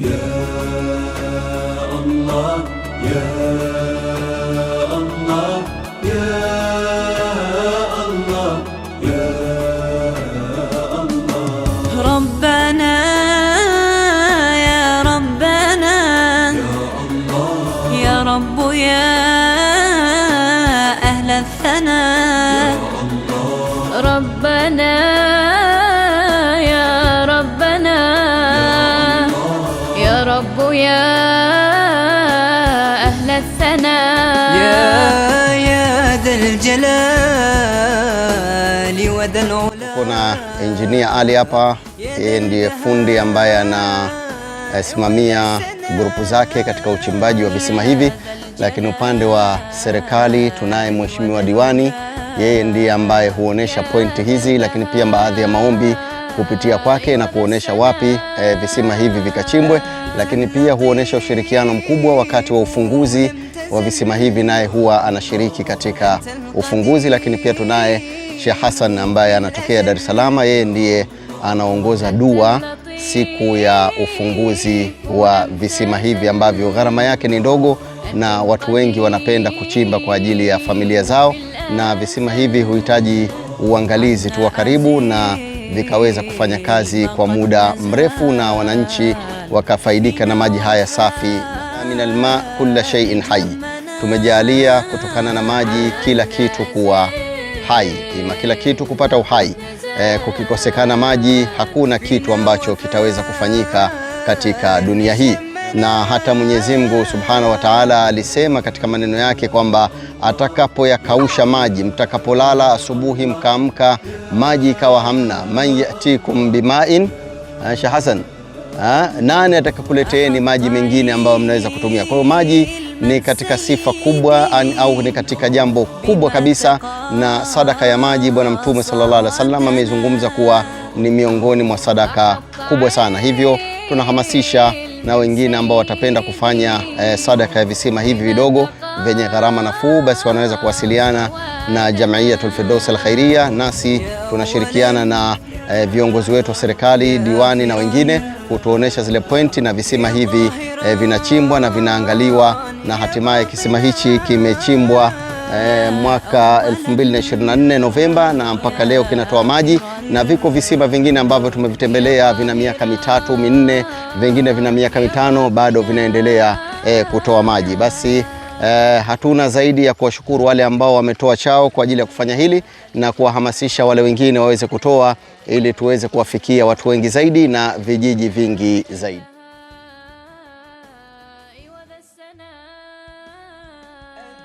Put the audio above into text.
يا يا الله يا الله يا الله ربنا يا ربنا يا رب يا أهل ربنا فارجعوا يا أهل الثناء يا يا ذا الجلال وذا العلا كنا engineer Ali hapa, yeye ndiye fundi ambaye anasimamia grupu zake katika uchimbaji wa visima hivi, lakini upande wa serikali tunaye mheshimiwa diwani, yeye ndiye ambaye huonesha pointi hizi, lakini pia baadhi ya maombi kupitia kwake na kuonesha wapi e, visima hivi vikachimbwe, lakini pia huonesha ushirikiano mkubwa wakati wa ufunguzi wa visima hivi, naye huwa anashiriki katika ufunguzi. Lakini pia tunaye Sheikh Hassan ambaye anatokea Dar es Salaam, yeye ndiye anaongoza dua siku ya ufunguzi wa visima hivi ambavyo gharama yake ni ndogo na watu wengi wanapenda kuchimba kwa ajili ya familia zao, na visima hivi huhitaji uangalizi tu wa karibu na vikaweza kufanya kazi kwa muda mrefu na wananchi wakafaidika na maji haya safi. min alma kulla shay'in hayy, tumejaalia kutokana na maji kila kitu kuwa hai, ima kila kitu kupata uhai. E, kukikosekana maji hakuna kitu ambacho kitaweza kufanyika katika dunia hii na hata Mwenyezi Mungu Subhanahu wa Ta'ala alisema katika maneno yake kwamba atakapoyakausha maji, mtakapolala asubuhi mkaamka maji ikawa hamna, man yatikum bimain asha hasan Ha? Nani atakakuleteeni maji mengine ambayo mnaweza kutumia? Kwa hiyo maji ni katika sifa kubwa an, au ni katika jambo kubwa kabisa, na sadaka ya maji Bwana Mtume sallallahu alaihi wasallam amezungumza kuwa ni miongoni mwa sadaka kubwa sana, hivyo tunahamasisha na wengine ambao watapenda kufanya eh, sadaka ya visima hivi vidogo vyenye gharama nafuu, basi wanaweza kuwasiliana na Jamiatul Firdaus Al Khairia, nasi tunashirikiana na eh, viongozi wetu wa serikali, diwani na wengine kutuonesha zile pointi na visima hivi eh, vinachimbwa na vinaangaliwa, na hatimaye kisima hichi kimechimbwa eh, mwaka 2024 Novemba na mpaka leo kinatoa maji na viko visima vingine ambavyo tumevitembelea vina miaka mitatu minne, vingine vina miaka mitano bado vinaendelea e, kutoa maji. Basi e, hatuna zaidi ya kuwashukuru wale ambao wametoa chao kwa ajili ya kufanya hili na kuwahamasisha wale wengine waweze kutoa ili tuweze kuwafikia watu wengi zaidi na vijiji vingi zaidi.